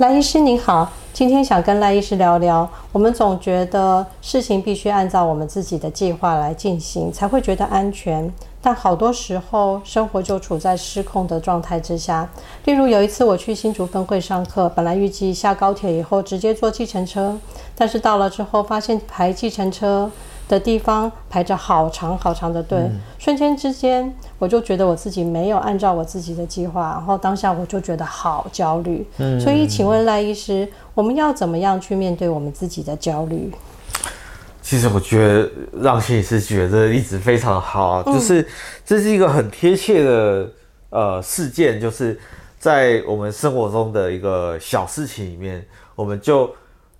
賴醫師您好，今天想跟賴醫師聊聊。我們總覺得事情必須按照我們自己的計劃來進行，才會覺得安全。但好多時候，生活就處在失控的狀態之下。例如有一次我去新竹分會上課，本來預計下高鐵以後直接坐計程車，但是到了之後發現排計程車。的地方排着好長好長的隊，嗯、瞬間之間我就覺得我自己沒有按照我自己的計劃，然後當下我就覺得好焦慮。嗯，所以請問賴醫師，我們要怎麼樣去面對我們自己的焦慮？其實我覺得讓心理師覺得一直非常好，嗯、就是這是一個很貼切的呃事件，就是在我們生活中的一個小事情裡面，我們就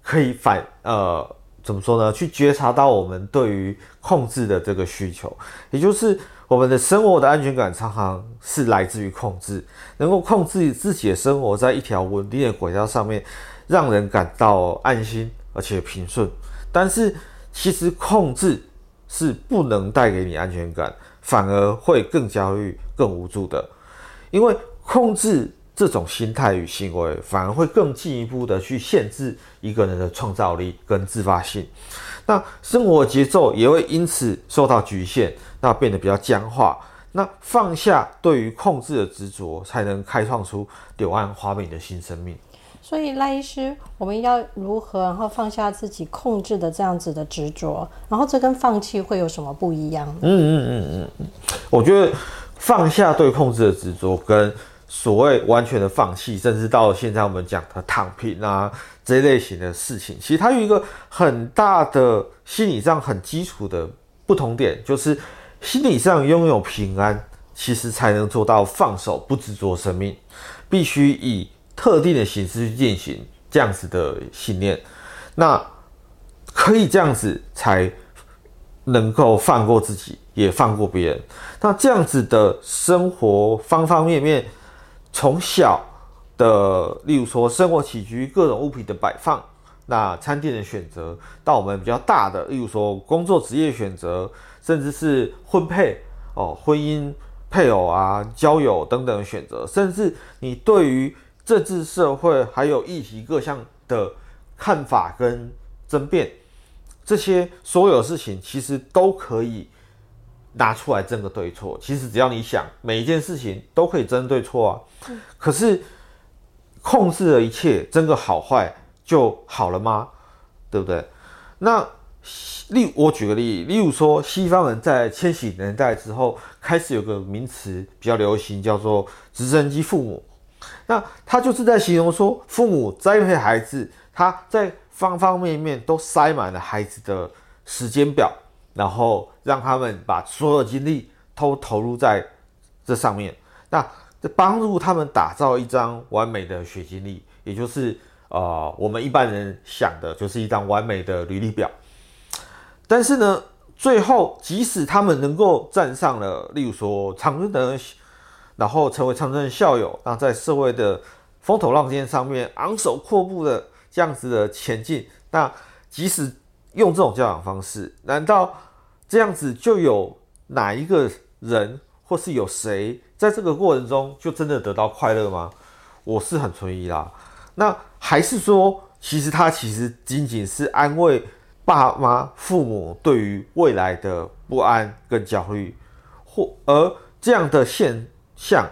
可以反呃。怎麼說呢？去覺察到我們對於控制的這個需求，也就是我們的生活的安全感常常是來自於控制，能夠控制自己的生活在一條穩定的軌道上面，讓人感到安心而且平順。但是其實控制是不能帶給你安全感，反而會更焦慮、更無助的，因為控制。這種心態與行為反而會更進一步的去限制一個人的創造力跟自發性，那生活節奏也會因此受到侷限，那變得比較僵化。那放下對於控制的執着，才能開創出柳暗花明的新生命。所以賴醫師，我們要如何然後放下自己控制的這樣子的執着？然後這跟放棄會有什麼不一樣？嗯嗯嗯嗯嗯，我覺得放下對控制的執着跟。所謂完全的放棄，甚至到了現在我們講的躺平啊這一類型的事情，其實它有一個很大的心理上很基礎的不同點，就是心理上擁有平安，其實才能做到放手不執着生命，必須以特定的形式去進行這樣子的信念，那可以這樣子才能夠放過自己，也放過別人，那這樣子的生活方方面面。從小的，例如說生活起居、各種物品的擺放，那餐廳的選擇，到我們比較大的，例如說工作職業選擇，甚至是婚配哦，婚姻、配偶啊、交友等等的選擇，甚至你對於政治、社會還有議題各項的看法跟爭辯，這些所有事情其實都可以。拿出來爭個對錯，其實只要你想，每一件事情都可以爭對錯啊。可是控制了一切爭個好壞就好了嗎？對不對？那例我舉個例，例如說，西方人在千禧年代之後開始有個名詞比較流行，叫做“直升機父母”。那他就是在形容說，父母栽培孩子，他在方方面面都塞滿了孩子的時間表。然後讓他們把所有精力都投入在這上面，那這幫助他們打造一張完美的學經歷，也就是啊、呃，我們一般人想的就是一張完美的履歷表。但是呢，最後即使他們能夠站上了，例如說常春藤的，然後成為常春藤校友，那在社會的風頭浪尖上面昂首闊步的這樣子的前進，那即使。用這種教養方式，難道這樣子就有哪一個人，或是有誰，在這個過程中就真的得到快樂嗎？我是很存疑啦。那還是說，其實他其實僅僅是安慰爸媽、父母對於未來的不安跟焦慮，或而這樣的現象，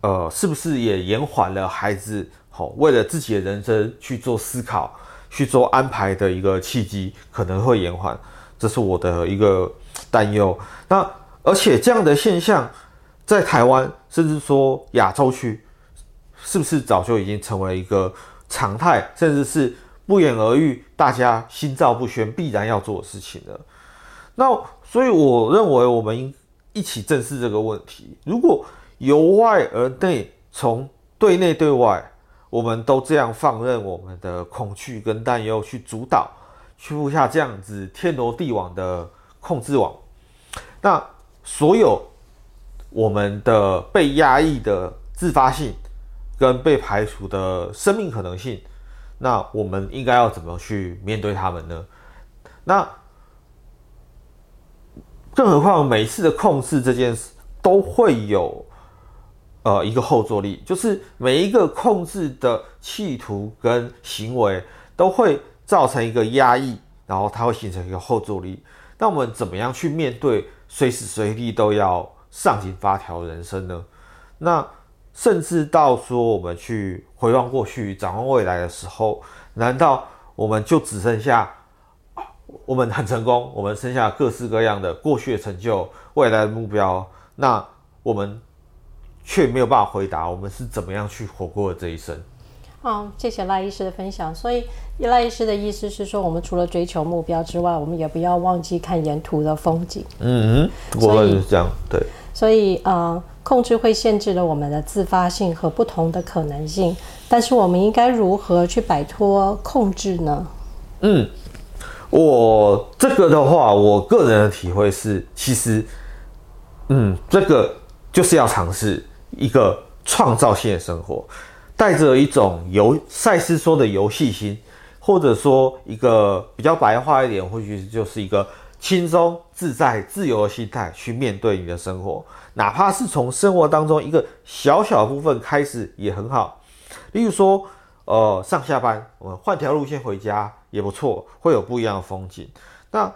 呃，是不是也延緩了孩子吼，為了自己的人生去做思考？去做安排的一個契機可能會延緩，這是我的一個擔憂。那而且這樣的現象在台灣，甚至說亞洲區，是不是早就已經成為一個常態，甚至是不言而喻，大家心照不宣，必然要做的事情了？那所以我認為，我們應一起正視這個問題。如果由外而內，從對內對外。我們都這樣放任我們的恐懼跟擔憂去主導，去佈下這樣子天羅地網的控制網。那所有我們的被壓抑的自發性跟被排除的生命可能性，那我們應該要怎麼去面對他們呢？那更何況每次的控制這件事都會有。呃，一個後坐力，就是每一個控制的企圖跟行為都會造成一個壓抑，然後它會形成一個後坐力。那我們怎麼樣去面對隨時隨地都要上緊發條的人生呢？那甚至到說我們去回望過去、展望未來的時候，難道我們就只剩下我們很成功，我們剩下各式各樣的過去的成就、未來的目標？那我們？卻沒有辦法回答我們是怎麼樣去活過的這一生。好，謝謝賴醫師的分享。所以，賴醫師的意思是說，我們除了追求目標之外，我們也不要忘記看沿途的風景。嗯嗯，我就是這樣。以對，所以呃，控制會限制了我們的自發性和不同的可能性。但是，我們應該如何去擺脫控制呢？嗯，我這個的話，我個人的體會是，其實，嗯，這個就是要嘗試。一個創造性的生活，帶着一種遊，賽斯說的遊戲心，或者說一個比較白話一點，或許就是一個輕鬆自在、自由的心態去面對你的生活，哪怕是從生活當中一個小小部分開始也很好。例如說，呃，上下班，我們換條路線回家也不錯，會有不一樣的風景。那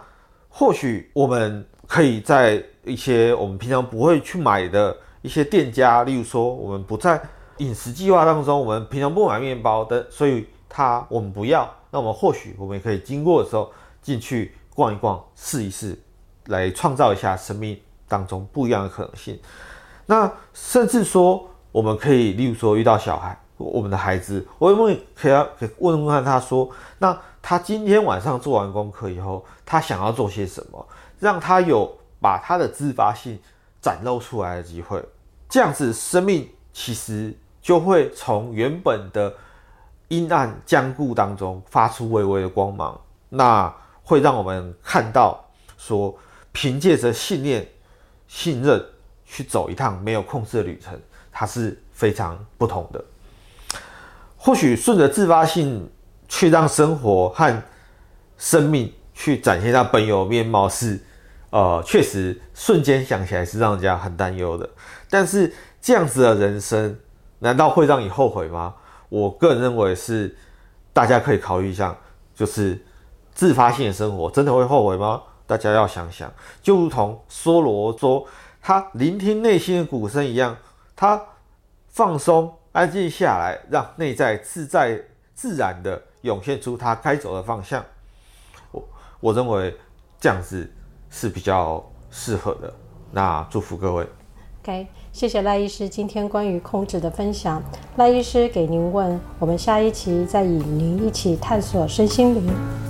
或許我們可以在一些我們平常不會去買的。一些店家，例如說，我們不在飲食計劃當中，我們平常不買麵包的，所以他，我們不要。那我們或許我們也可以經過的時候進去逛一逛，試一試，來創造一下生命當中不一樣的可能性。那甚至說，我們可以，例如說遇到小孩，我，我們的孩子，我有沒有可以要問問他，說，那他今天晚上做完功課以後，他想要做些什麼，讓他有把他的自發性展露出來的機會。這樣子，生命其實就會從原本的陰暗僵固當中發出微微的光芒。那會讓我們看到說，憑借着信念、信任去走一趟沒有控制的旅程，它是非常不同的。或許順着自發性去讓生活和生命去展現它本有面貌是，是呃，確實瞬間想起來是讓人家很擔憂的。但是這樣子的人生，難道會讓你後悔嗎？我個人認為是，大家可以考慮一下，就是自發性的生活真的會後悔嗎？大家要想想，就如同梭羅說，他聆聽內心的鼓聲一樣，他放鬆、安靜下來，讓內在自在自然的湧現出他該走的方向。我我認為這樣子是比較適合的。那祝福各位。OK，謝謝賴醫師今天關於控制的分享。賴醫師給您問，我們下一期再與您一起探索身心靈。